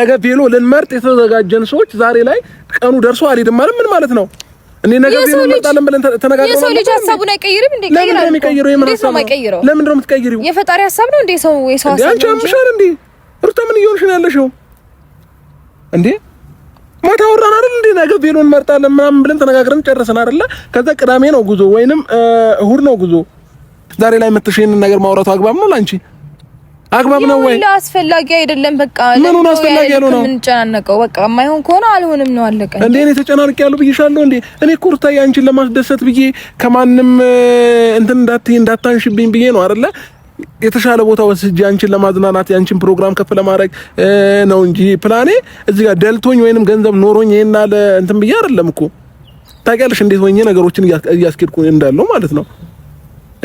ነገ ቬሎ ልንመርጥ የተዘጋጀን ሰዎች ዛሬ ላይ ቀኑ ደርሶ አልሄድም ማለት ምን ማለት ነው? እኔ ነገ ቬሎ እንመርጣለን ብለን ተነጋግረን የሰው ልጅ ሀሳቡን አይቀይርም እንዴ? ቀይራል። ለምን ነው የሚቀይረው? የምን ሀሳብ ነው የማይቀይረው? ለምን ነው የምትቀይሪው? የፈጣሪ ሀሳብ ነው እንዴ? ሰው የሰው ሀሳብ አንቺ አምሻል እንዴ? ሩታ ምን እየሆንሽ ነው ያለሽው እንዴ? ማታ አወራን አይደል እንዴ? ነገ ቬሎ እንመርጣለን ምናምን ብለን ተነጋግረን ጨርሰን አይደለ? ከዛ ቅዳሜ ነው ጉዞ ወይንም እሁድ ነው ጉዞ። ዛሬ ላይ መተሽ ይሄንን ነገር ማውራቱ አግባብ ነው ላንቺ? አግባብ ነው ወይ? አስፈላጊ አይደለም። በቃ ነው አስፈላጊ ያለው ነው ምን የምንጨናነቀው? በቃ የማይሆን ከሆነ አልሆንም ነው አለቀ። እንዴ እኔ ተጨናንቅ ያለው ብዬሻለሁ እንዴ? እኔ ኩርታ ሩታዬ ለማስደሰት ብዬ ከማንም እንትን እንዳትይ እንዳታንሽብኝ ብዬ ነው አይደለ የተሻለ ቦታ ወስጄ አንቺን ለማዝናናት ያንቺን ፕሮግራም ከፍ ለማድረግ ነው እንጂ ፕላኔ እዚህ ጋር ደልቶኝ ወይንም ገንዘብ ኖሮኝ ይሄና እንትን ብዬ አይደለም እኮ ታውቂያለሽ፣ እንዴት ሆኜ ነገሮችን እያስኬድኩ እንዳለው ማለት ነው።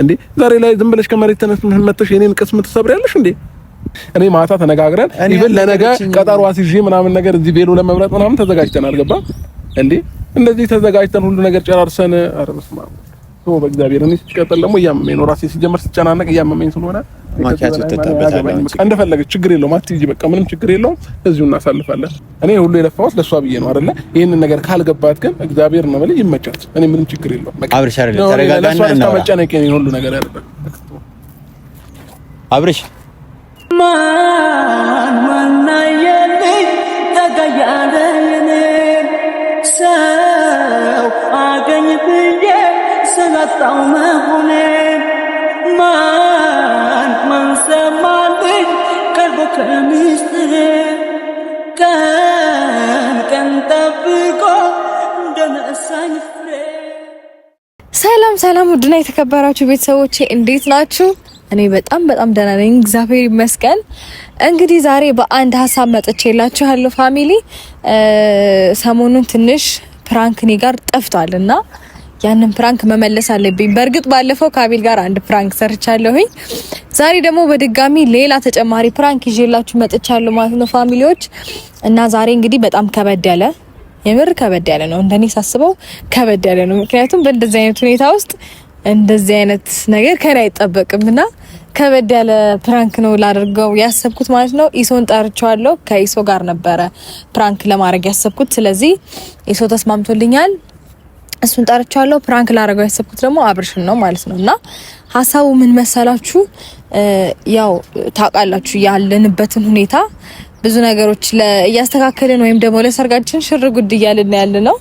እንዴ ዛሬ ላይ ዝም ብለሽ ከመሬት ተነስተሽ መጥተሽ የኔን ቅስም ትሰብሪያለሽ እንዴ? እኔ ማታ ተነጋግረን ይብል ለነገ ቀጠሮ አስይዤ ምናምን ነገር እዚህ ቤሎ ለመብረጥ ምናምን ተዘጋጅተን አልገባ እንዴ? እንደዚህ ተዘጋጅተን ሁሉ ነገር ጨራርሰን፣ አረ በስመ አብ በእግዚአብሔር። እኔ ሲቀጥል ደግሞ እያመመኝ ነው ራሴ ሲጀመር ሲጨናነቅ እያመመኝ ስለሆነ ማኪያቶ ተጣበታለሁ እንደፈለገ ችግር የለውም። አትይጂ በቃ ምንም ችግር የለውም። እዚሁ እናሳልፋለን። እኔ ሁሉ የለፋሁት ለሷ ብዬ ነው አይደለ? ይሄንን ነገር ካልገባት ግን እግዚአብሔር ነው ማለት ይመቻት። እኔ ምንም ችግር የለውም። አብርሽ አይደለ ተረጋጋና ነው መጨነቅ ነው ሁሉ ነገር ያለበት አብርሽ ማን ማን የኔ ተጋያለ የኔ ሰው አገኝ ብዬ ስላጣው መሆኔ ማን ሰላም ሰላም፣ ውድና የተከበራችሁ ቤተሰቦቼ እንዴት ናችሁ? እኔ በጣም በጣም ደህና ነኝ፣ እግዚአብሔር ይመስገን። እንግዲህ ዛሬ በአንድ ሀሳብ መጥቼላችሁ ያለው ፋሚሊ ሰሞኑን ትንሽ ፕራንክ እኔ ጋር ጠፍቷል እና ያንን ፕራንክ መመለስ አለብኝ። በእርግጥ ባለፈው ከአቤል ጋር አንድ ፕራንክ ሰርቻለሁኝ። ዛሬ ደግሞ በድጋሚ ሌላ ተጨማሪ ፕራንክ ይዤላችሁ መጥቻለሁ ማለት ነው ፋሚሊዎች። እና ዛሬ እንግዲህ በጣም ከበድ ያለ የምር ከበድ ያለ ነው። እንደኔ ሳስበው ከበድ ያለ ነው። ምክንያቱም በእንደዚህ አይነት ሁኔታ ውስጥ እንደዚህ አይነት ነገር ከኔ አይጠበቅም እና ከበድ ያለ ፕራንክ ነው ላደርገው ያሰብኩት ማለት ነው። ኢሶን ጠርቸዋለሁ። ከኢሶ ጋር ነበረ ፕራንክ ለማድረግ ያሰብኩት። ስለዚህ ኢሶ ተስማምቶልኛል። እሱን ጠርቸዋለሁ። ፕራንክ ላደረገው ያሰብኩት ደግሞ አብርሽን ነው ማለት ነው። እና ሀሳቡ ምን መሰላችሁ? ያው ታውቃላችሁ ያለንበትን ሁኔታ ብዙ ነገሮች እያስተካከልን ወይም ደግሞ ለሰርጋችን ሽር ጉድ እያልን ያለ ነው።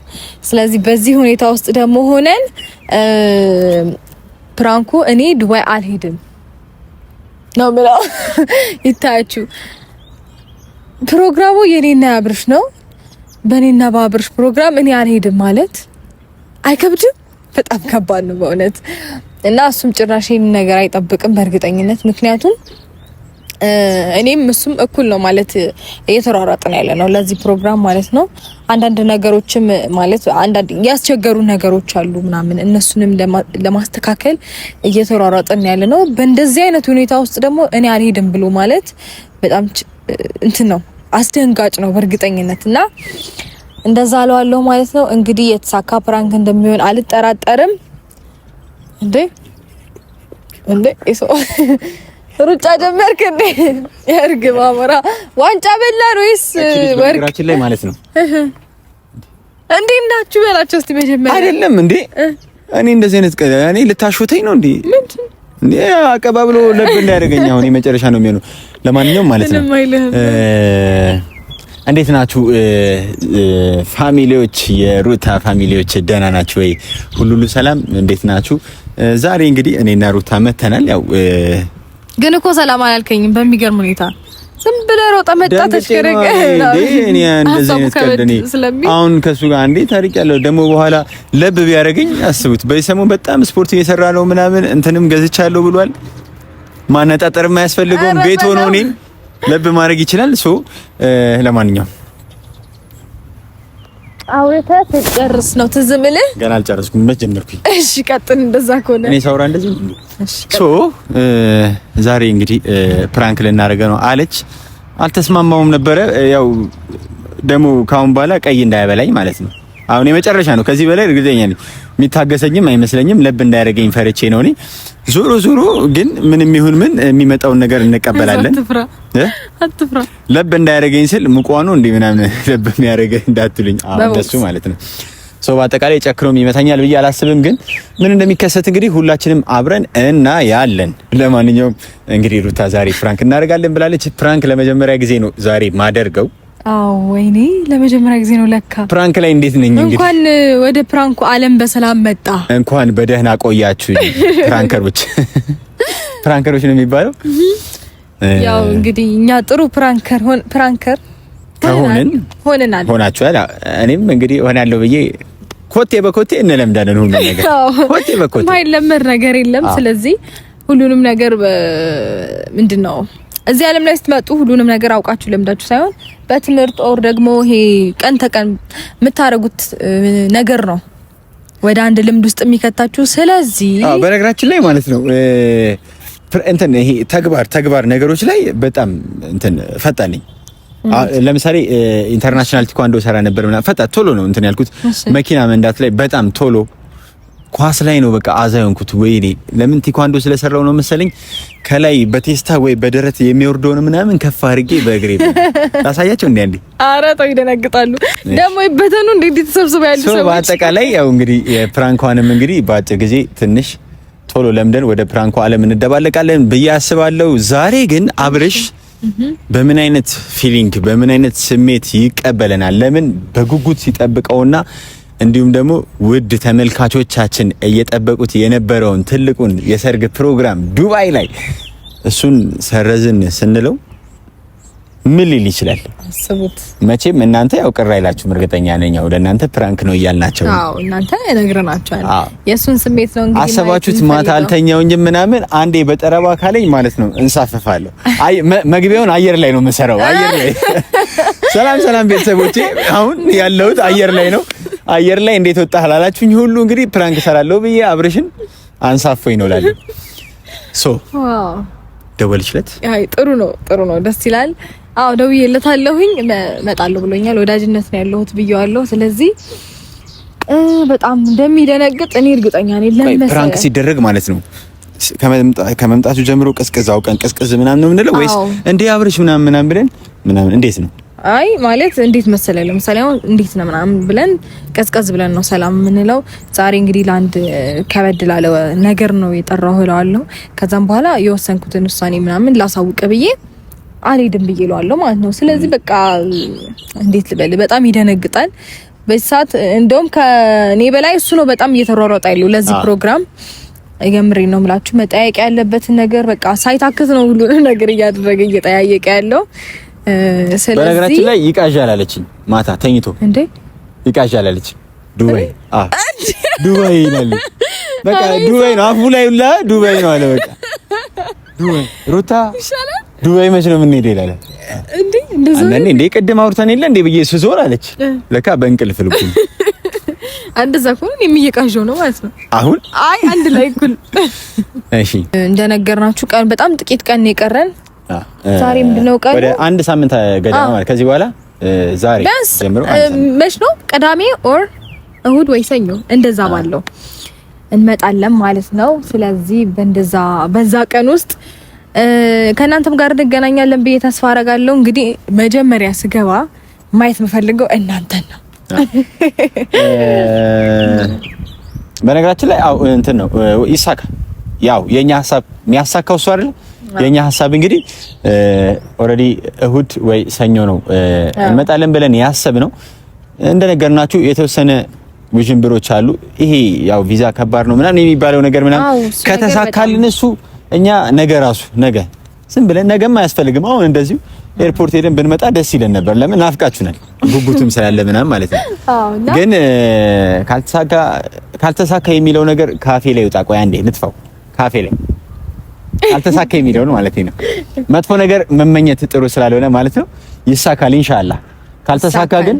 ስለዚህ በዚህ ሁኔታ ውስጥ ደግሞ ሆነን ፕራንኩ እኔ ዱባይ አልሄድም ነው ምለው። ይታያችሁ ፕሮግራሙ የኔና ያብርሽ ነው። በእኔና በአብርሽ ፕሮግራም እኔ አልሄድም ማለት አይከብድም። በጣም ከባድ ነው በእውነት እና እሱም ጭራሽ ይህን ነገር አይጠብቅም በእርግጠኝነት ምክንያቱም እኔም እሱም እኩል ነው ማለት እየተሯሯጥን ያለ ነው ለዚህ ፕሮግራም ማለት ነው። አንዳንድ ነገሮችም ማለት አንዳንድ ያስቸገሩ ነገሮች አሉ ምናምን እነሱንም ለማስተካከል እየተሯሯጥን ያለ ነው። በእንደዚህ አይነት ሁኔታ ውስጥ ደግሞ እኔ አልሄድም ብሎ ማለት በጣም እንትን ነው፣ አስደንጋጭ ነው በእርግጠኝነት እና እንደዛ አለዋለሁ ማለት ነው። እንግዲህ የተሳካ ፕራንክ እንደሚሆን አልጠራጠርም። እንዴ እንዴ ሩጫ ጀመርክ እንዴ? የእርግብ አሞራ ዋንጫ በላን ወይስ ወርቅ ላይ ማለት ነው? እንዴ እናችሁ በላችሁ። እስቲ መጀመሪያ አይደለም እንዴ? እኔ እንደዚህ አይነት እኔ ልታሾተኝ ነው እንዴ? እንዴ አቀባብሎ ለብ እንዳያደርገኝ አሁን የመጨረሻ ነው የሚሆነው። ለማንኛውም ማለት ነው እንዴት ናችሁ ፋሚሊዎች፣ የሩታ ፋሚሊዎች ደህና ናችሁ ወይ? ሁሉ ሰላም እንዴት ናችሁ? ዛሬ እንግዲህ እኔና ሩታ መተናል ያው ግን እኮ ሰላም አላልከኝም። በሚገርም ሁኔታ ዝም ብለህ ሮጠህ መጣ ተሽከረቀ። አሁን ከሱ ጋር አንዴ ታሪክ ያለው ደግሞ በኋላ ለብ ቢያደርገኝ አስቡት። በዚህ ሰሞን በጣም ስፖርት እየሰራ ነው ምናምን እንትንም ገዝቻለሁ ብሏል። ማነጣጠር አያስፈልገውም። ቤት ሆኖ እኔን ለብ ማድረግ ይችላል። ሶ ለማንኛውም አውርተህ ትጨርስ ነው ትዝ የምልህ። ገና አልጨረስኩም፣ መች ጀመርኩኝ። እሺ ቀጥን። እንደዛ ከሆነ እኔ ሳውራ እንደዚህ ሶ ዛሬ እንግዲህ ፕራንክ ልናደርገ ነው አለች። አልተስማማውም ነበረ። ያው ደግሞ ካሁን በኋላ ቀይ እንዳያበላኝ ማለት ነው አሁን የመጨረሻ ነው። ከዚህ በላይ እርግጠኛ ነኝ የሚታገሰኝም አይመስለኝም። ለብ እንዳያደርገኝ ፈርቼ ነው እኔ። ዙሩ ግን ምንም ይሁን ምን የሚመጣውን ነገር እንቀበላለን። አትፍራ። ለብ እንዳያደርገኝ ስል ሙቋኑ እንደ ምናምን ለብ የሚያደርገ እንዳትሉኝ፣ እንደሱ ማለት ነው። ሰው በአጠቃላይ ጨክኖም ይመታኛል ብዬ አላስብም። ግን ምን እንደሚከሰት እንግዲህ ሁላችንም አብረን እና ያለን። ለማንኛውም እንግዲህ ሩታ ዛሬ ፍራንክ እናደርጋለን ብላለች። ፍራንክ ለመጀመሪያ ጊዜ ነው ዛሬ ማደርገው አዎ ወይኔ፣ ለመጀመሪያ ጊዜ ነው ለካ ፕራንክ ላይ። እንዴት ነኝ? እንግዲህ እንኳን ወደ ፕራንኩ አለም በሰላም መጣ። እንኳን በደህና ቆያችሁ ፕራንከሮች። ፕራንከሮች ነው የሚባለው። ያው እንግዲህ እኛ ጥሩ ፕራንከር ሆን ፕራንከር ከሆንን ሆነናል፣ ሆናችኋል። እኔም እንግዲህ ሆናለሁ ብዬ ኮቴ በኮቴ እንለምዳለን። ሁሉ ነገር ኮቴ በኮቴ ማይለመድ ነገር የለም። ስለዚህ ሁሉንም ነገር ምንድን ነው እዚህ ዓለም ላይ ስትመጡ ሁሉንም ነገር አውቃችሁ ለምዳችሁ ሳይሆን በትምህርት ኦር ደግሞ ይሄ ቀን ተቀን የምታደርጉት ነገር ነው ወደ አንድ ልምድ ውስጥ የሚከታችሁ። ስለዚህ በነገራችን ላይ ማለት ነው እንትን ይሄ ተግባር ተግባር ነገሮች ላይ በጣም እንትን ፈጣን ነኝ። ለምሳሌ ኢንተርናሽናል ቲኳንዶ ሰራ ነበር ምናምን ፈጣን ቶሎ ነው እንትን ያልኩት። መኪና መንዳት ላይ በጣም ቶሎ ኳስ ላይ ነው በቃ አዛ የሆንኩት። ወይ እኔ ለምን ቲኳንዶ ስለሰራው ነው መሰለኝ ከላይ በቴስታ ወይ በደረት የሚወርደውን ምናምን ከፍ አድርጌ በእግሬ ታሳያቸው እንዴ አንዴ ኧረ ተው፣ ይደነግጣሉ ደግሞ ይበተኑ እንዴ ተሰብስበ ያሉ ሰዎች። በአጠቃላይ ያው እንግዲህ የፕራንኳንም እንግዲህ በአጭር ጊዜ ትንሽ ቶሎ ለምደን ወደ ፕራንኳ ዓለም እንደባለቃለን ብዬ አስባለሁ። ዛሬ ግን አብርሽ በምን አይነት ፊሊንግ በምን አይነት ስሜት ይቀበለናል? ለምን በጉጉት ሲጠብቀውና እንዲሁም ደግሞ ውድ ተመልካቾቻችን እየጠበቁት የነበረውን ትልቁን የሰርግ ፕሮግራም ዱባይ ላይ እሱን ሰረዝን ስንለው ምን ሊል ይችላል? አስቡት። መቼም እናንተ ያው ቅር አይላችሁም፣ እርግጠኛ ነኝ። ያው ለእናንተ ፕራንክ ነው እያልናቸው፣ አዎ እናንተ ነግረናቸዋል። የእሱን ስሜት ነው እንግዲህ አሰባችሁት። ማታ አልተኛውኝ ምናምን አንዴ በጠረባ ካለኝ ማለት ነው እንሳፈፋለሁ። መግቢያውን አየር ላይ ነው የምሰራው፣ አየር ላይ። ሰላም ሰላም ቤተሰቦቼ፣ አሁን ያለሁት አየር ላይ ነው። አየር ላይ እንዴት ወጣህ ላላችሁኝ ሁሉ እንግዲህ ፕራንክ ሰራለሁ ብዬ አብርሽን አንሳፎኝ ነው ላለ ሶ ደወልችለት። አይ ጥሩ ነው ጥሩ ነው ደስ ይላል። አዎ ደውዬለታለሁኝ እመጣለሁ ብሎኛል። ወዳጅነት ነው ያለሁት ብየዋለሁ። ስለዚህ በጣም እንደሚደነግጥ እኔ እርግጠኛ ነኝ። ለምን ፕራንክ ሲደረግ ማለት ነው ከመምጣቱ ጀምሮ ቅዝቅዛው ቀን ቅዝቅዝ ምናምን ነው የምንለው ወይስ እንዴ አብርሽ ምናምን ምናምን ብለን ምናምን እንዴት ነው? አይ ማለት እንዴት መሰለህ፣ ለምሳሌ አሁን እንዴት ነው ምናምን ብለን ቀዝቀዝ ብለን ነው ሰላም የምንለው። ዛሬ እንግዲህ ለአንድ ከበድ ላለ ነገር ነው የጠራው እለዋለሁ። ከዛም በኋላ የወሰንኩትን ውሳኔ ምናምን ላሳውቅ ብዬ አልሄድም ብዬ እለዋለሁ ማለት ነው። ስለዚህ በቃ እንዴት ልበል፣ በጣም ይደነግጣል በዚህ ሰዓት። እንደውም ከኔ በላይ እሱ ነው በጣም እየተሯሯጠ ያለው ለዚህ ፕሮግራም። የምሬ ነው ምላችሁ መጠያየቅ ያለበትን ነገር በቃ ሳይታክት ነው ሁሉንም ነገር እያደረገ እየጠያየቀ ያለው በነገራችን ላይ ይቃዣል አለችኝ ማታ ተኝቶ እንዴ ይቃዣል አለችኝ። ዱባይ አ ዱባይ ይላል በቃ ዱባይ ነው አፉ ላይ ሁላ ዱባይ ነው አለ በቃ ዱባይ ሩታ ዱባይ መች ነው የምንሄደው ይላል እንዴ እንደዛ አንዴ እንዴ ቅድም አውርተን የለ እንዴ ብዬ ስዞር አለች ለካ በእንቅልፍ ልኩ እንደዛ ከሆነ እኔም እየቃዣው ነው ማለት ነው አሁን አይ አንድ ላይ እኩል እሺ እንደነገርናችሁ ቀን በጣም ጥቂት ቀን የቀረን ዛሬ ምንድነው ቀኑ? ወደ አንድ ሳምንት ገደማ ማለት ከዚህ በኋላ ዛሬ ጀምሮ መች ነው ቅዳሜ ኦር እሁድ ወይ ሰኞ እንደዛ ባለው እንመጣለን ማለት ነው። ስለዚህ በእንደዛ በዛ ቀን ውስጥ ከእናንተም ጋር እንገናኛለን ብዬ ተስፋ አረጋለሁ። እንግዲህ መጀመሪያ ስገባ ማየት የምፈልገው እናንተን ነው። በነገራችን ላይ እንትን ነው ይሳካ፣ ያው የኛ ሀሳብ የሚያሳካው እሱ አይደል የኛ ሀሳብ እንግዲህ ኦልሬዲ እሁድ ወይ ሰኞ ነው እንመጣለን ብለን ያሰብ ነው። እንደነገርናችሁ የተወሰነ ውዥንብሮች አሉ። ይሄ ያው ቪዛ ከባድ ነው ምናምን የሚባለው ነገር ምናምን ከተሳካልን እሱ እኛ ነገ ራሱ ነገ ዝም ብለን ነገም አያስፈልግም። አሁን እንደዚሁ ኤርፖርት ሄደን ብንመጣ ደስ ይለን ነበር። ለምን ናፍቃችሁናል፣ ጉጉቱም ስላለ ምናምን ማለት ነው። ግን ካልተሳካ ካልተሳካ የሚለው ነገር ካፌ ላይ ይውጣ። ቆይ አንዴ ካፌ ላይ አልተሳካ የሚለውን ማለት ነው። መጥፎ ነገር መመኘት ጥሩ ስላልሆነ ማለት ነው። ይሳካል ኢንሻአላህ። ካልተሳካ ግን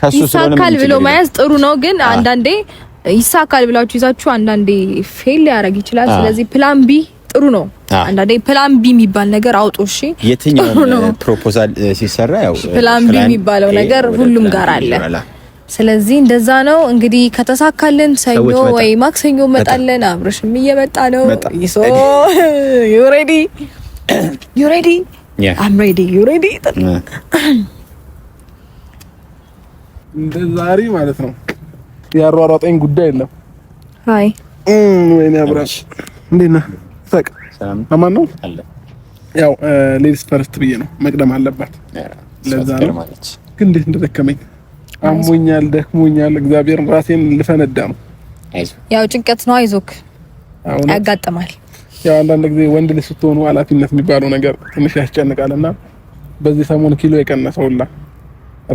ከሱ ስለሆነ ይሳካል ብሎ መያዝ ጥሩ ነው። ግን አንዳንዴ ይሳካል ብላችሁ ይዛችሁ አንዳንዴ ፌል ሊያደርግ ይችላል። ስለዚህ ፕላን ቢ ጥሩ ነው። አንዳንዴ ፕላን ቢ የሚባል ነገር አውጡ። እሺ፣ የትኛው ፕሮፖዛል ሲሰራ ያው ፕላን ቢ የሚባለው ነገር ሁሉም ጋር አለ። ስለዚህ እንደዛ ነው እንግዲህ። ከተሳካልን ሰኞ ወይ ማክሰኞ መጣለን። አብርሽም እየመጣ ነው። ይሶ ዩ ሬዲ ዩ ሬዲ አም ሬዲ ዩ ሬዲ። ዛሬ ማለት ነው ያሯሯጠኝ ጉዳይ የለም። አይ ወይኔ አብራሽ እንዴት ነህ? ሰቅ አማን ነው። ያው ሌዲስ ፈርስት ብዬ ነው መቅደም አለባት። ለዛ ነው ግን እንዴት እንደደከመኝ አሞኛል፣ ደክሞኛል፣ እግዚአብሔር ራሴን ልፈነዳ ነው። ያው ጭንቀት ነው። አይዞክ ያጋጥማል። ያው አንዳንድ ጊዜ ወንድ ልጅ ስትሆኑ ኃላፊነት የሚባለው ነገር ትንሽ ያስጨንቃልና በዚህ ሰሞን ኪሎ የቀነሰውላ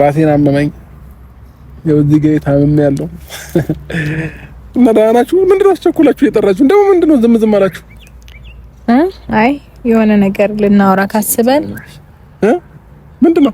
ራሴን አመመኝ። ያው እዚህ ጋር ታምሜ ያለው እና ደህና ናችሁ? ምንድነው አስቸኩላችሁ የጠራችሁ? ደግሞ ምንድነው ዝም ዝም አላችሁ? አይ የሆነ ነገር ልናወራ ካስበን ምንድነው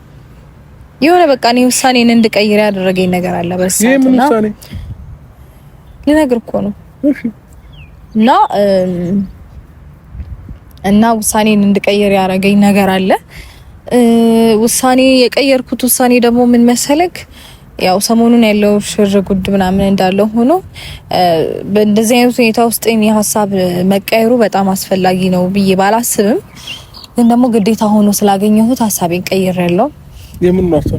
የሆነ በቃ እኔ ውሳኔን እንድቀይር ያደረገኝ ነገር አለ። በሰዓቱ ነው ውሳኔ ልነግርህ እኮ ነው። እና እና ውሳኔን እንድቀይር ያደረገኝ ነገር አለ። ውሳኔ የቀየርኩት ውሳኔ ደግሞ ምን መሰለክ፣ ያው ሰሞኑን ያለው ሽር ጉድ ምናምን እንዳለ ሆኖ በእንደዚህ አይነት ሁኔታ ውስጥ ሀሳብ መቀየሩ በጣም አስፈላጊ ነው ብዬ ባላስብም ግን ደግሞ ግዴታ ሆኖ ስላገኘሁት ሀሳቤን ቀይሬያለሁ። የምን ናፍታ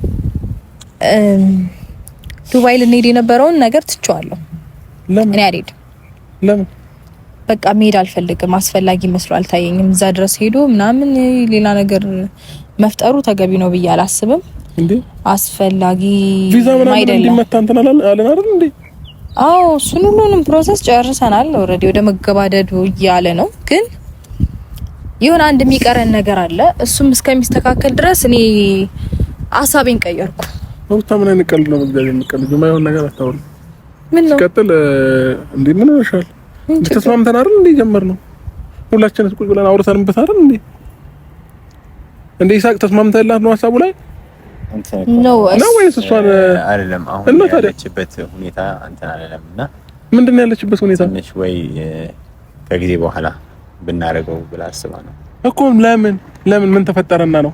ዱባይ ልንሄድ የነበረውን ነገር ትቼዋለሁ። ለምን እኔ አልሄድም። ለምን በቃ መሄድ አልፈልግም። አስፈላጊ መስሎ አልታየኝም። እዛ ድረስ ሄዶ ምናምን ሌላ ነገር መፍጠሩ ተገቢ ነው ብዬ አላስብም። እንዴ አስፈላጊ ቪዛ ምናምን እንዲመታ እንትን አለን አይደል እንዴ? አዎ እሱን ሁሉንም ፕሮሰስ ጨርሰናል። ኦልሬዲ ወደ መገባደዱ እያለ ነው። ግን የሆነ አንድ የሚቀረን ነገር አለ። እሱም እስከሚስተካከል ድረስ እኔ ሀሳቤን ቀየርኩ። ሩታ ምን አይነት ቀልድ ነው? በእግዚአብሔር የምትቀልጂው የማይሆን ነገር አታውሪ። ምን ነው ሲቀጥል፣ እንዴ ምን ሆነሻል? ተስማምተን አይደል እንዴ ጀመር ነው ሁላችን ቁጭ ብለን አውርተንበት አይደል እንዴ? እንዴ ይሳቅ ተስማምተላት ነው ሀሳቡ ላይ ነው ወይስ እሷን አይደለም? አሁን ያለችበት ሁኔታ እንትን አይደለም። እና ምንድን ነው ያለችበት ሁኔታ ትንሽ ወይ ከጊዜ በኋላ ብናደርገው ብላ አስባ ነው እኮ። ለምን ለምን ምን ተፈጠረና ነው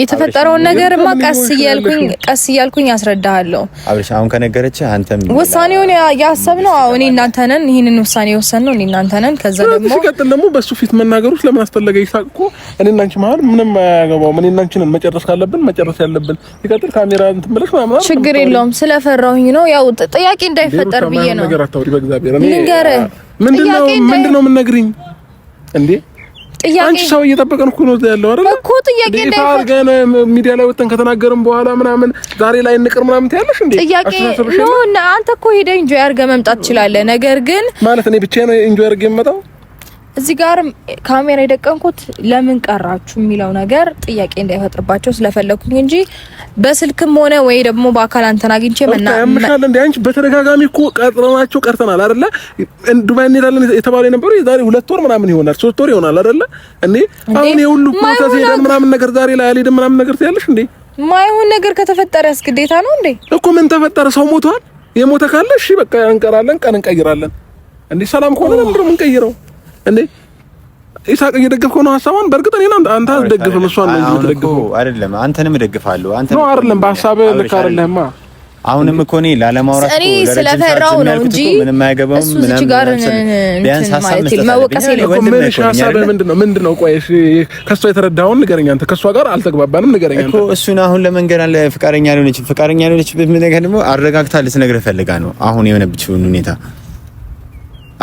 የተፈጠረውን ነገርማ ቀስ እያልኩኝ ቀስ እያልኩኝ አስረዳሃለሁ። አብርሽ አሁን ከነገረች አንተም ውሳኔውን ያሰብነው አዎ እኔ እናንተ ነን። ይህንን ውሳኔ የወሰንነው እኔ እናንተ ነን። ከዛ ደግሞ ሲቀጥል ደግሞ በሱ ፊት መናገሮች ለምን አስፈለገ? ይሳቅ እኮ እኔ እናንቺ አንቺ መሀል ምንም አያገባውም። እኔ እና ነን መጨረስ ካለብን መጨረስ ያለብን። ሲቀጥል ካሜራ እንትን ብለሽ ምናምን ችግር የለውም። ስለፈራሁኝ ነው ያው ጥያቄ እንዳይፈጠር ብዬ ነው። ነገር አታውሪ በእግዚአብሔር። እኔ ንገረ ምንድነው ምንድነው የምንነግሪኝ እንዴ አንቺ ሰው እየጠበቀን እኮ ነው ያለው አይደል እኮ ጥያቄ ሚዲያ ላይ ወጥተን ከተናገርን በኋላ ምናምን ዛሬ ላይ እንቅር ምናምን ትያለሽ እንዴ? ጥያቄ ነው። አንተ እኮ ሄደህ ኢንጆይ አድርገህ መምጣት ትችላለህ። ነገር ግን ማለት እኔ ብቻዬን ኢንጆይ አድርጌ የምመጣው እዚህ ጋርም ካሜራ የደቀንኩት ለምን ቀራችሁ የሚለው ነገር ጥያቄ እንዳይፈጥርባቸው ስለፈለኩኝ እንጂ በስልክም ሆነ ወይ ደግሞ በአካል አንተን አግኝቼ ምናምሻለ እንዲ አንቺ በተደጋጋሚ እኮ ቀጥረናቸው ቀርተናል አይደለ? ዱባይ እንሄዳለን የተባለ የነበረው የዛሬ ሁለት ወር ምናምን ይሆናል ሶስት ወር ይሆናል አይደለ? እኔ አሁን የሁሉ ፕሮሰስ ሄደን ምናምን ነገር ዛሬ ላይ አልሄድም ምናምን ነገር ትያለሽ እንዴ? ማይሆን ነገር ከተፈጠረ ግዴታ ነው እንዴ? እኮ ምን ተፈጠረ? ሰው ሞቷል። የሞተ ካለ እሺ በቃ እንቀራለን፣ ቀን እንቀይራለን። እንዴ ሰላም ከሆነ ለምንድን ነው የምንቀይረው? እንዴ ኢሳቅ እየደገፍከው ነው ሀሳቧን። በእርግጥ እኔን አንተ አትደግፍም፣ እሷን ነው የምትደግፈው። አይደለም አንተንም እደግፋለሁ። አንተ ነው አይደለም በሀሳብ ልክ አይደለህማ። አሁንም እኮ እኔ ላለማውራት እኔ ስለፈራው ነው እንጂ ምንም አይገባም። እሱ እዚህ ጋር ቢያንስ ሀሳብ መወቀስ የለውም። ምንሽ ሀሳብ ምንድን ነው ምንድን ነው? ቆይ ከእሷ የተረዳኸውን ንገረኝ። አንተ ከእሷ ጋር አልተግባባንም፣ ንገረኝ እኮ እሱን። አሁን ለመንገር አለ ፍቃደኛ ሊሆነች ፍቃደኛ ሊሆነች ነገር ደግሞ አረጋግታ ልትነግርህ ፈልጋ ነው አሁን የሆነብችውን ሁኔታ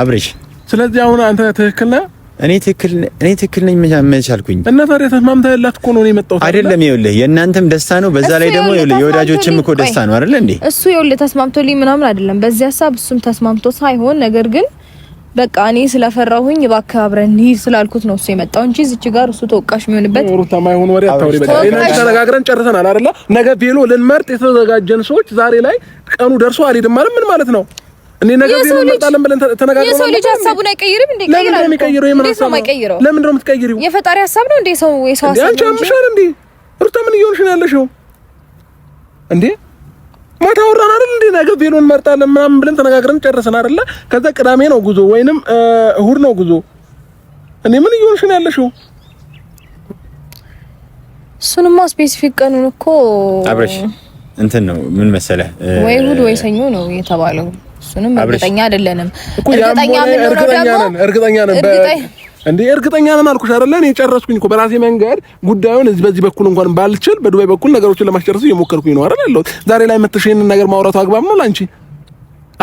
አብሬሽ ስለዚህ አሁን አንተ ትክክል ነህ። እኔ ትክክል እኔ ትክክል ነኝ መቻልኩኝ እና ታዲያ ተስማምተህ ያላት እኮ ነው እኔ መጣሁት አይደለም። ይኸውልህ የእናንተም ደስታ ነው፣ በዛ ላይ ደግሞ ይኸውልህ የወዳጆችም እኮ ደስታ ነው አይደል እንዴ? እሱ ይኸውልህ ተስማምቶልኝ ምናምን አይደለም በዚህ ሀሳብ እሱም ተስማምቶ ሳይሆን ነገር ግን በቃ እኔ ስለፈራሁኝ እባክህ አብረን እንሂድ ስላልኩት ነው እሱ የመጣው እንጂ እዚች ጋር እሱ ተወቃሽ የሚሆንበት ሩታ ማይሆን ወሬ አታውሪ። በቃ እኔ ተነጋግረን ጨርሰናል አይደለ? ነገ ቤሎ ልንመርጥ የተዘጋጀን ሰዎች ዛሬ ላይ ቀኑ ደርሶ አልሄድም ማለት ምን ማለት ነው? እኔ ነገር ቢሆን እንመጣለን ብለን ተነጋግረን የሰው ልጅ ሀሳቡን አይቀይርም እንዴ? ለምን ነው የሚቀይረው? የምን ሀሳብ ነው የማይቀይረው? ለምን ነው የምትቀይሪው? የፈጣሪ ሀሳብ ነው እንዴ? ሰው የሰው ሀሳብ አንቺ አምሻል እንዴ? ሩታ ምን እየሆንሽ ነው ያለሽው እንዴ? ማታ አወራን አይደል እንዴ? ነገ ቢሆን እንመርጣለን ምናምን ብለን ተነጋግረን ጨርሰን አይደለ? ከዛ ቅዳሜ ነው ጉዞ ወይንም እሁድ ነው ጉዞ። እኔ ምን እየሆንሽ ነው ያለሽው? እሱንማ ስፔሲፊክ ቀኑን እኮ አብረሽ እንትን ነው ምን መሰለህ፣ ወይ እሁድ ወይ ሰኞ ነው የተባለው እሱንም እርግጠኛ አይደለንም። እርግጠኛ እርግጠኛ ነን፣ እርግጠኛ ነን እንዴ እርግጠኛ ነን አልኩሽ አይደለ? እኔ ጨረስኩኝ እኮ በራሴ መንገድ ጉዳዩን እዚህ በዚህ በኩል እንኳን ባልችል በዱባይ በኩል ነገሮችን ለማስጨረስ እየሞከርኩኝ ነው አይደል ያለሁት። ዛሬ ላይ መተሽ ይሄንን ነገር ማውራቱ አግባብ ነው ላንቺ?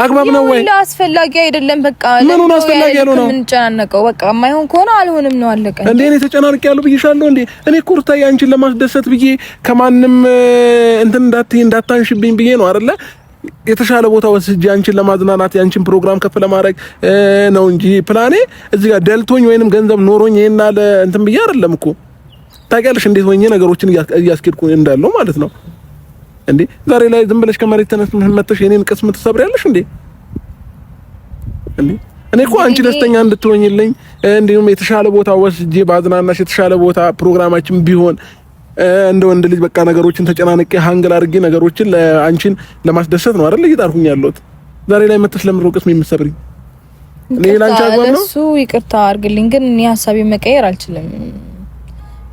አግባብ ነው ወይ? አስፈላጊ አይደለም። በቃ ምን ነው አስፈላጊ ያለው ነው ምን የምንጨናነቀው። በቃ የማይሆን ከሆነ አልሆንም ነው አለቀ። እንዴ እኔ ተጨናንቄ ያለው ብዬሻለሁ እንዴ። እኔ እኮ ሩታዬ አንቺን ለማስደሰት ብዬ ከማንም እንትን እንዳትይ እንዳታንሽብኝ ብዬ ነው አይደለ የተሻለ ቦታ ወስጄ አንቺን ለማዝናናት ያንቺን ፕሮግራም ከፍ ለማድረግ ነው እንጂ ፕላኔ እዚህ ጋር ደልቶኝ ወይንም ገንዘብ ኖሮኝ ይሄና እንትን ብዬ አይደለም እኮ ታውቂያለሽ፣ እንዴት ሆኜ ነገሮችን እያስኬድኩ እንዳለው ማለት ነው። እንዴ ዛሬ ላይ ዝም ብለሽ ከመሬት ተነስተሽ መተሽ የኔን ቅስም ትሰብሪያለሽ እንዴ? እንዴ እኔ እኮ አንቺ ደስተኛ እንድትሆኝልኝ እንዲሁም የተሻለ ቦታ ወስጄ ባዝናናሽ የተሻለ ቦታ ፕሮግራማችን ቢሆን እንደ ወንድ ልጅ በቃ ነገሮችን ተጨናንቄ ሃንግል አድርጌ ነገሮችን ለአንቺን ለማስደሰት ነው አይደል እየጣርኩኝ ያለሁት። ዛሬ ላይ መተሽ ለምን ቅስሜ የምትሰብሪኝ? እኔ ላንቺ አግባብ ነው እሱ። ይቅርታ አድርግልኝ፣ ግን እኔ ሀሳቤን መቀየር አልችልም።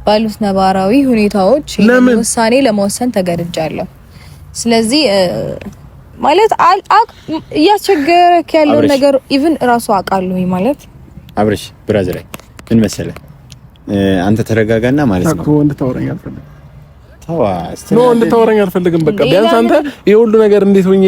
ባሉት ነባራዊ ሁኔታዎች ውሳኔ ለመወሰን ተገድጃለሁ። ስለዚህ ማለት እያስቸገረክ ያለውን ነገር ኢቭን እራሱ አውቃለሁኝ ማለት አብርሽ ብራዘር ምን መሰለህ አንተ ተረጋጋና ማለት ነው እኮ እንድታወራኝ አልፈልግም። ተዋ እስቲ ነው እንድታወራኝ አልፈልግም። በቃ ቢያንስ አንተ ይሄ ነገር እንዴት ሆኜ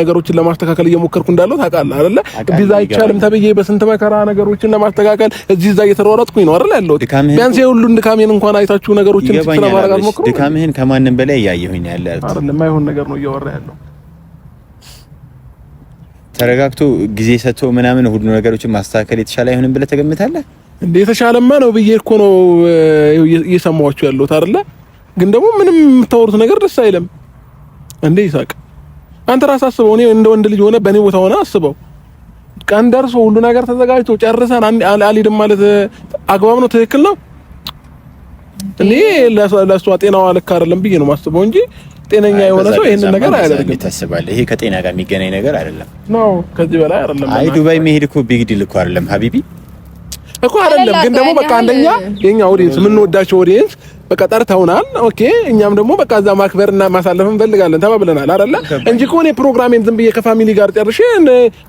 ነገሮችን ለማስተካከል እየሞከርኩ እንዳለው ታውቃለህ አይደለ? ቢዛ አይቻልም ተብዬ በስንት መከራ ነገሮችን ለማስተካከል እዚህ እዛ እየተሯሯጥኩኝ ነው አይደለ ያለሁት። ቢያንስ ይሄ ሁሉ ድካሜን እንኳን አይታችሁ ነገሮችን ትክክል ማድረግ አልሞከርኩም። ድካምህን ከማንም በላይ እያየሁኝ ያለ አይደል? የማይሆን ነገር ነው እያወራ ያለው ተረጋግቶ ጊዜ ሰጥቶ ምናምን ሁሉ ነገሮችን ማስተካከል የተሻለ አይሆንም ብለህ ተገምታለህ? እንደ የተሻለማ ነው ብዬ እኮ ነው እየሰማኋችሁ ያለሁት አይደለ? ግን ደግሞ ምንም የምታወሩት ነገር ደስ አይለም። እንዴ ይሳቅ፣ አንተ ራስህ አስበው። እኔ እንደ ወንድ ልጅ ሆነ በእኔ ቦታ ሆነ አስበው። ቀን ደርሶ ሁሉ ነገር ተዘጋጅቶ ጨርሰን አልሄድም ማለት አግባብ ነው? ትክክል ነው? እኔ ለእሷ ጤናዋ ልክ አይደለም ብዬ ነው ማስበው እንጂ ጤነኛ የሆነ ሰው ይሄንን ነገር አያደርግም። ታስባለህ? ይሄ ከጤና ጋር የሚገናኝ ነገር አይደለም ነው። ከዚህ በላይ አይደለም። አይ ዱባይ መሄድ እኮ ቢግ ዲል እኮ አይደለም ሀቢቢ እኮ አይደለም። ግን ደግሞ በቃ አንደኛ የኛ ኦዲየንስ የምንወዳቸው ኦዲየንስ በቃ ጠርተውናል። ኦኬ እኛም ደግሞ በቃ እዛ ማክበርና ማሳለፍ እንፈልጋለን ተባብለናል አይደለ እንጂ እኮ እኔ ፕሮግራሜን ዝም ብዬ ከፋሚሊ ጋር ጨርሼ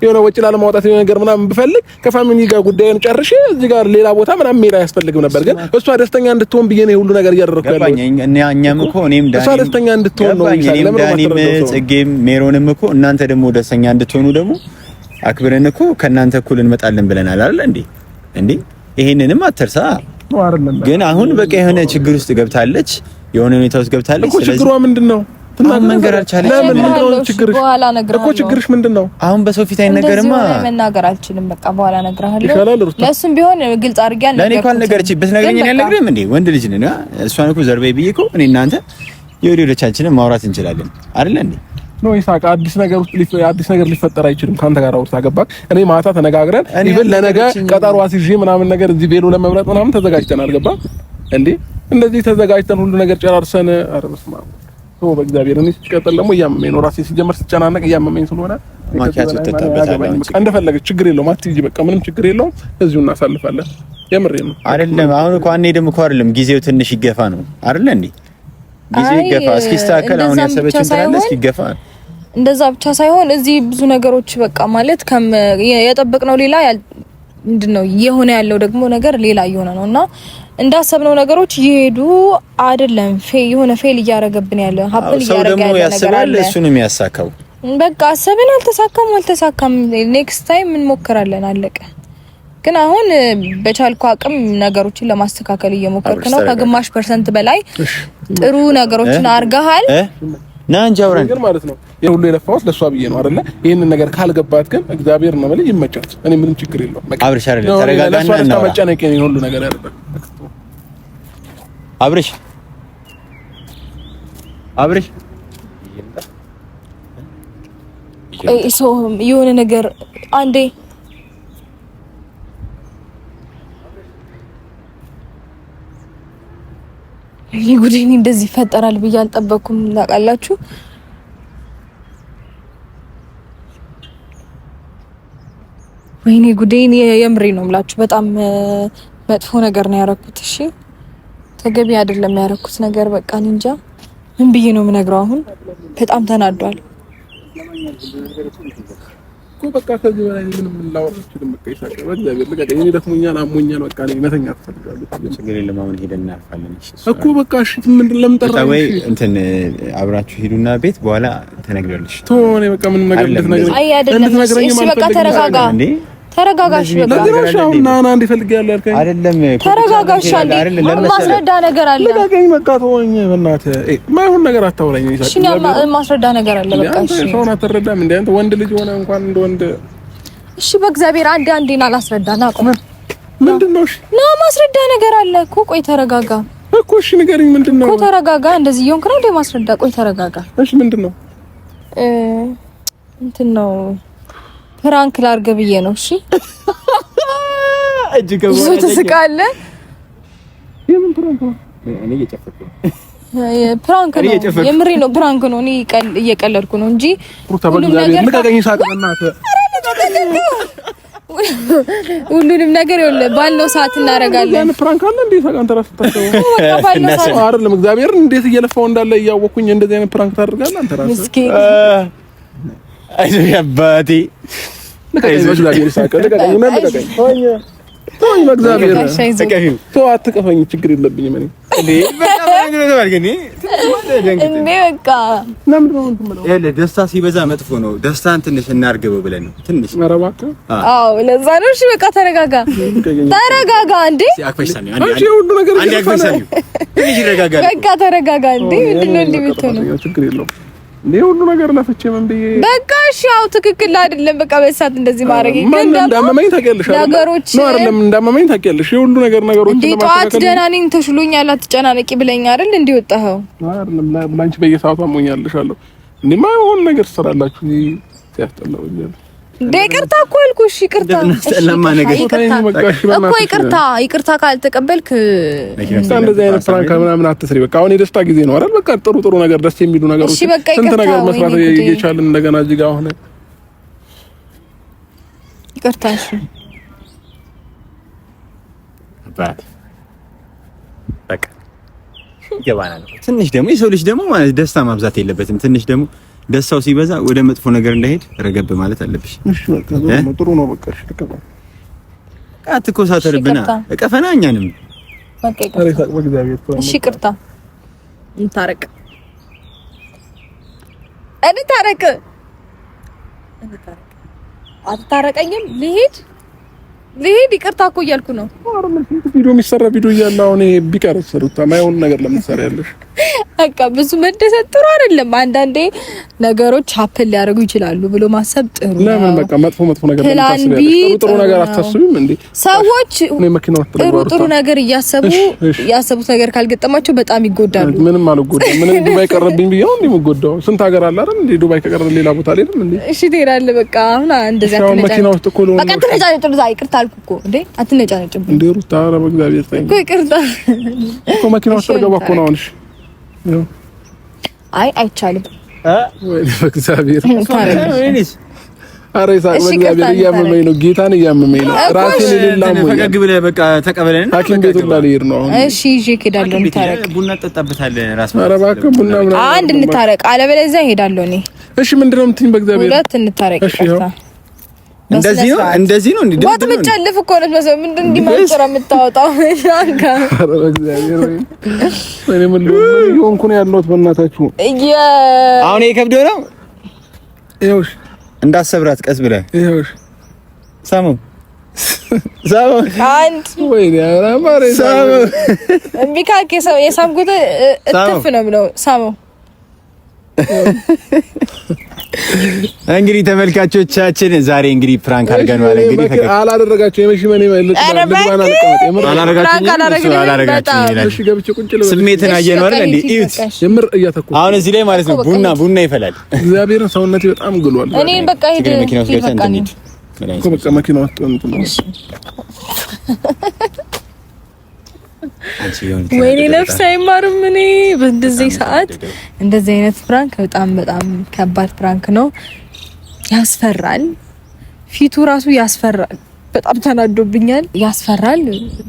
የሆነ ወጪ ላለማውጣት የሆነ ነገር ምናምን ብፈልግ ከፋሚሊ ጋር ጉዳይን ጨርሼ እዚህ ጋር ሌላ ቦታ ምናምን ሜዳ አያስፈልግም ነበር። ግን እሷ ደስተኛ እንድትሆን ብዬ ነው ሁሉ ነገር እያደረኩ ያለው። እኮ እኔም እሷ ደስተኛ እንድትሆን ነው። እኔም ዳኒም ጽጌም ሜሮንም እኮ እናንተ ደግሞ ደስተኛ እንድትሆኑ ደግሞ አክብረን እኮ ከእናንተ እኩል እንመጣለን ብለናል አይደል እንዴ እንዴ ይሄንንም አትርሳ። ግን አሁን በቃ የሆነ ችግር ውስጥ ገብታለች፣ የሆነ ሁኔታ ውስጥ ገብታለች እኮ። ችግሯ ምንድን ነው? መንገር አልቻለች። እኮ ችግርሽ ምንድን ነው? አሁን በሰው ፊት አይነገርማ። መናገር አልችልም። በቃ በኋላ እነግርሃለሁ። ለእሱም ቢሆን ግልጽ አድርጌ አልነገርኩትም። እንዴ ወንድ ልጅ ነን። እሷን እኮ ዘርበይ ብዬ እኮ እኔ እናንተ የወዲህ ወደቻችንን ማውራት እንችላለን አይደለ እንዴ ነው ይሳቅ፣ አዲስ ነገር ውስጥ ሊፈ አዲስ ነገር ሊፈጠር አይችልም። ካንተ ጋር አውርታ ገባክ። እኔ ማታ ተነጋግረን ኢቭን ለነገ ቀጠሮ አስይዤ ምናምን ነገር እዚህ ቤሎ ለመብረጥ ምናምን ተዘጋጅተን አልገባ እንዴ? እንደዚህ ተዘጋጅተን ሁሉ ነገር ጨራርሰን ኧረ በስመ አብ ኦ በእግዚአብሔር። እኔ ሲቀጥል ደግሞ እያመመኝ ነው ራሴ ሲጀመር ስጨናነቅ እያመመኝ ስለሆነ እንደፈለገች ችግር የለውም አትይጂ፣ በቃ ምንም ችግር የለውም። እዚሁ እናሳልፋለን። የምሬ ነው አይደለም። አሁን እኮ አንሄድም እኮ አይደለም፣ ጊዜው ትንሽ ይገፋ ነው አይደለ እንዴ? ጊዜ ይገፋ እስኪስተካከል አሁን ያሰበችን ትላለህ እስኪገፋ እንደዛ ብቻ ሳይሆን እዚህ ብዙ ነገሮች በቃ ማለት ከም የጠበቅነው ሌላ ምንድን ነው የሆነ ያለው ደግሞ ነገር ሌላ እየሆነ ነው እና እንዳሰብነው ነገሮች እየሄዱ አይደለም። ፌ የሆነ ፌል እያረገብን ያለ ሀብል እያረገ ያለ ነገር አለ። እሱንም ያሳካው በቃ አሰብን፣ አልተሳካም አልተሳካም። ኔክስት ታይም እንሞክራለን። አለቀ። ግን አሁን በቻልኩ አቅም ነገሮችን ለማስተካከል እየሞከርክ ነው። ከግማሽ ፐርሰንት በላይ ጥሩ ነገሮችን አድርገሃል። ና እንጂ አብረን ነገር ማለት ነው። ይሄ ሁሉ የለፋሁት ለእሷ ብዬ ነው አይደለ? ይሄንን ነገር ካልገባት ግን እግዚአብሔር ነው ማለት ይመቻት። እኔ ምንም ችግር የለውም። አብርሽ አይደለ? ተረጋጋና እና መጨነቅ ነው ሁሉ ነገር አይደለ? አብርሽ አብርሽ የሆነ ነገር አንዴ ይሄ ጉዴ እንደዚህ ይፈጠራል ብዬ አልጠበኩም። ታውቃላችሁ ወይኔ ጉዴ የምሬ ነው የምላችሁ። በጣም መጥፎ ነገር ነው ያረኩት። እሺ ተገቢ አይደለም ያረኩት ነገር። በቃ እንጃ ምን ብዬ ነው የምነግረው አሁን። በጣም ተናዷል። እኮ በቃ ከዚህ በላይ ምንም ላወቅ አልችልም። በቃ ይሳቀ በእግዚአብሔር ልቀቀ። እኔ ደክሞኛል፣ አሞኛል። በቃ እኔ መተኛ ትፈልጋለሁ። ችግር የለም። አሁን ሄደን እናርፋለን እኮ በቃ እሺ። ምንድን ለምን ጠራኸኝ? ወይ እንትን አብራችሁ ሂዱና ቤት በኋላ ተነግሪያለሽ። ተወው፣ እኔ በቃ ምንም ነገር ልትነግረኝ አይ፣ አይደለም። እሺ በቃ ተረጋጋ። ተረጋጋሽ። ነገሮች ና ና እንዲፈልግ ያለ አይደለም። ተረጋጋሽ። ማስረዳ ነገር አለ። ልቀቀኝ፣ በቃ ተወኝ፣ በእናትህ ማይሆን ነገር አታውራኝ። እሺ፣ ማስረዳ ነገር አለ። በቃ እሺ፣ ሰውን አትረዳም አንተ? ወንድ ልጅ ሆነ እንኳን እንደ ወንድ። እሺ፣ በእግዚአብሔር አንዴ አላስረዳ ና፣ ምንድን ነው? እሺ፣ ና፣ ማስረዳ ነገር አለ እኮ። ቆይ ተረጋጋ እኮ። እሺ፣ ምንድን ነው እኮ? ተረጋጋ። እንደዚህ እየሆንክ ነው እንደ ማስረዳ። ቆይ ተረጋጋ። እሺ፣ ምንድን ነው እንትን ነው ፕራንክ ላርገ ብዬ ነው። እሺ እጅግ ብዙ ትስቃለህ። የምን ፕራንክ ነው? እኔ እየጨፈርኩ ነው። ፕራንክ ነው፣ የምሬ ነው። ፕራንክ ነው። እኔ እየቀለድኩ ነው እንጂ ሁሉንም ነገር ይኸውልህ፣ ባለው ሰዓት እናደርጋለን። ፕራንክ አለ እንዴ? ታውቃለህ፣ ተራስ ተታሰበው ባለው ሰዓት አይደለም። እግዚአብሔርን እንዴት እየለፋው እንዳለ እያወኩኝ እንደዚህ አይነት ፕራንክ ታደርጋለህ አንተ ራስህ አይዞሽ አባቴ አይዞሽ አትቀፈኝ፣ ችግር የለብኝም ደስታ ሲበዛ መጥፎ ነው። ደስታን ትንሽ እናርግበው ብለን ነው። ትንሽ አዎ፣ ለዛ ነው። እሺ በቃ ተረጋጋ፣ ተረጋጋ። በቃ ተረጋጋ። ምንድን ነው እንዲህ ብትሆን እኔ ሁሉ ነገር ለፍቼ ምን ብዬ በቃ እሺ፣ ያው ትክክል አይደለም። በቃ በሳት እንደዚህ ማድረግ ግን እንዳመመኝ ታውቂያለሽ፣ ነገሮች ነው አይደለም እንዳመመኝ ታውቂያለሽ። ሁሉ ነገር ነገሮች እንደ ጠዋት ደህና ነኝ ተሽሎኛል፣ አትጨናነቂ ብለኝ አይደል? እንደ ወጣኸው አይደለም ላንቺ በየሰዓቱ አሞኛልሽ አለው። እኔማ የሆነ ነገር ትሰራላችሁ ሲያስጠላው ይቅርታ እኮ አልኩሽ። ይቅርታ እኮ ይቅርታ ይቅርታ ካልተቀበልክ እንደዚህ አይነት ፍራንካ ምናምን አትስሪ። በቃ አሁን የደስታ ጊዜ ነው አይደል? በቃ ጥሩ ጥሩ ነገር፣ ደስ የሚሉ ነገሮች፣ ስንት ነገር መስራት እየቻልን እንደገና እዚህ ጋር አሁን ይቅርታ። እሺ በቃ ይገባናል። ትንሽ ደግሞ የሰው ልጅ ደግሞ ማለት ደስታ ማብዛት የለበትም። ትንሽ ደግሞ ደስታው ሲበዛ ወደ መጥፎ ነገር እንዳይሄድ ረገብ ማለት አለብሽ። እሺ በቃ ጥሩ ነው። በቃ እሺ አትኮሳተርብና እቀፈና እኛንም እሺ ቅርታ እንታረቅ እንታረቅ አትታረቀኝም? ልሄድ ልሄድ። ይቅርታ እኮ እያልኩ ነው። ቪዲዮ የሚሰራ ቪዲዮ እያለ አሁን ማይሆን ነገር ለምትሰራ ያለሽ በቃ ብዙ መደሰት ጥሩ አይደለም። አንዳንዴ ነገሮች ሀፕል ሊያደርጉ ይችላሉ ብሎ ማሰብ ጥሩ ነው። ለምን በቃ መጥፎ መጥፎ ነገር ጥሩ ነገር አታስብም እንዴ? ሰዎች ጥሩ ጥሩ ነገር እያሰቡ ያሰቡት ነገር ካልገጠማቸው በጣም ይጎዳሉ። ምንም አልጎዳም። ምንም ዱባይ ቀረብኝ ብዬ ነው የምጎዳው። ስንት ሀገር አለ አይደል እንዴ? ዱባይ ከቀረ ሌላ ቦታ አልሄድም እንዴ? እሺ ትሄዳለህ። በቃ አሁን እንደዚህ አትነጫ መኪና ውስጥ እኮ ነው በቃ አትነጫ ነጭ ብዛ ይቅርታ አልኩ እኮ እንዴ አትነጫ ነጭ እንዴ ሩታ ኧረ በእግዚአብሔር ተይኝ እኮ ይቅርታ እኮ መኪና ውስጥ ገባ እኮ ነው አሁን እሺ አይ አይቻልም። በእግዚአብሔር ኧረ እያመመኝ ነው፣ ጌታን እያመመኝ ነው። ራሴን ፈገግ ብለህ በቃ ተቀበለን። ሐኪም ቤት ሁላ ልሄድ ነው እሺ ይዤ እሄዳለሁ። እንታረቅ፣ ቡና ትጠጣበታለህ። ኧረ እባክህ ቡና ምናምን አንድ እንታረቅ፣ አለበለዚያ እሄዳለሁ እኔ። እሺ ምንድን ነው የምትይኝ? በእግዚአብሔር ሁለት እንታረቅ። እሺ እንደዚህ ነው እንደዚህ ነው እንዴ? ወጥ ብጨልፍ እኮ ነው መሰለኝ። ምንድን እንዲህ ማንጨራ የምታወጣው አንካ እግዚአብሔር ወይ ወይ ምን ሆንኩ ነው ያለሁት። በእናታችሁ አሁን የከብዶ ነው። ይኸውሽ እንዳሰብራት ቀስ ብለህ ይኸውሽ ሳሙ ሳሙ አንድ ወይ ያራ ማሪ ሳሙ እምቢ ካልክ የሳምኩት እትፍ ነው ብለው ሳሙ እንግዲህ ተመልካቾቻችን ዛሬ እንግዲህ ፕራንክ አድርገን ማለት እንግዲህ ተከ አላደረጋችሁ የመሽመኔ ማለት ስሜትን አየነው አይደል? እንዴ እዩት። አሁን እዚህ ላይ ማለት ነው ቡና ቡና ይፈላል። እግዚአብሔርን ሰውነቴ በጣም ግሏል። እኔን በቃ ሄደ መኪና ውስጥ ገብተን እንትን እኮ በቃ መኪና ውስጥ እንትን ወይኔ ነፍስ አይማርም። እኔ በእንደዚህ ሰዓት እንደዚህ አይነት ፍራንክ በጣም በጣም ከባድ ፍራንክ ነው። ያስፈራል። ፊቱ ራሱ ያስፈራል። በጣም ተናዶብኛል። ያስፈራል።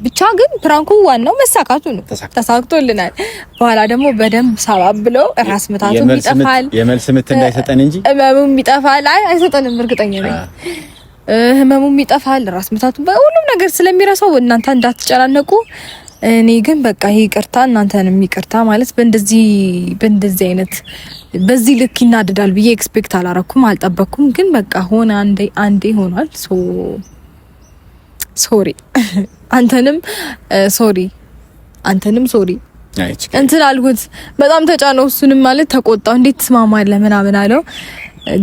ብቻ ግን ፕራንኩ ዋናው መሳካቱ ነው። ተሳክቶልናል። በኋላ ደግሞ በደንብ ሰባብ ብለው ራስ ምታቱም ይጠፋል። የመልስ ምት እንዳይሰጠን እንጂ ህመሙም ይጠፋል። አይ አይሰጠንም፣ እርግጠኛ ነኝ። ህመሙም ይጠፋል። ራስ ምታቱ ሁሉም ነገር ስለሚረሳው እናንተ እንዳትጨናነቁ። እኔ ግን በቃ ይቅርታ እናንተንም ይቅርታ ማለት በእንደዚህ በእንደዚህ አይነት በዚህ ልክ ይናደዳል ብዬ ኤክስፔክት አላረኩም አልጠበኩም። ግን በቃ ሆነ አንዴ አንዴ ሆኗል። ሶ ሶሪ አንተንም ሶሪ አንተንም ሶሪ እንትን አልኩት። በጣም ተጫነው። እሱንም ማለት ተቆጣው። እንዴት ትስማማለህ ምናምን አለው።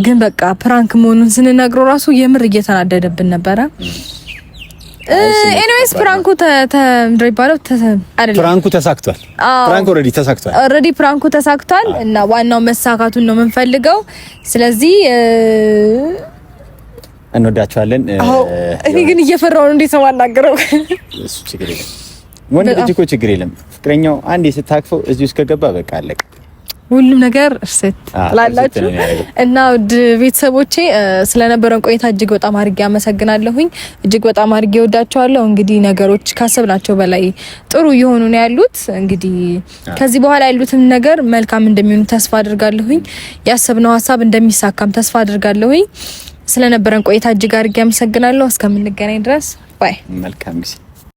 ግን በቃ ፕራንክ መሆኑን ስንነግረው ራሱ የምር እየተናደደብን ነበረ። ኤኒዌይስ ፕራንኩ ተምድሮ ፕራንኩ ተሳክቷል። ፕራንኩ ኦልሬዲ ተሳክቷል። ኦልሬዲ ፕራንኩ ተሳክቷል እና ዋናው መሳካቱን ነው የምንፈልገው። ስለዚህ እንወዳቸዋለን። እኔ ግን እየፈራሁ ነው። እንዴት ነው የማናገረው? እሱ ችግር የለም ወንድ ልጅ እኮ ችግር የለም። ፍቅረኛው አንዴ ስታክፈው እዚህ ውስጥ ከገባ በቃ አለቀ። ሁሉም ነገር እርሴት ትላላችሁ እና ውድ ቤተሰቦቼ ስለነበረን ቆይታ እጅግ በጣም አድርጌ አመሰግናለሁኝ። እጅግ በጣም አድርጌ ወዳቸዋለሁ። እንግዲህ ነገሮች ካሰብናቸው በላይ ጥሩ እየሆኑ ነው ያሉት። እንግዲህ ከዚህ በኋላ ያሉትም ነገር መልካም እንደሚሆኑ ተስፋ አድርጋለሁኝ። ያሰብነው ሀሳብ እንደሚሳካም ተስፋ አድርጋለሁኝ። ስለነበረን ቆይታ እጅግ አድርጌ አመሰግናለሁ። እስከምንገናኝ ድረስ ባይ። መልካም ጊዜ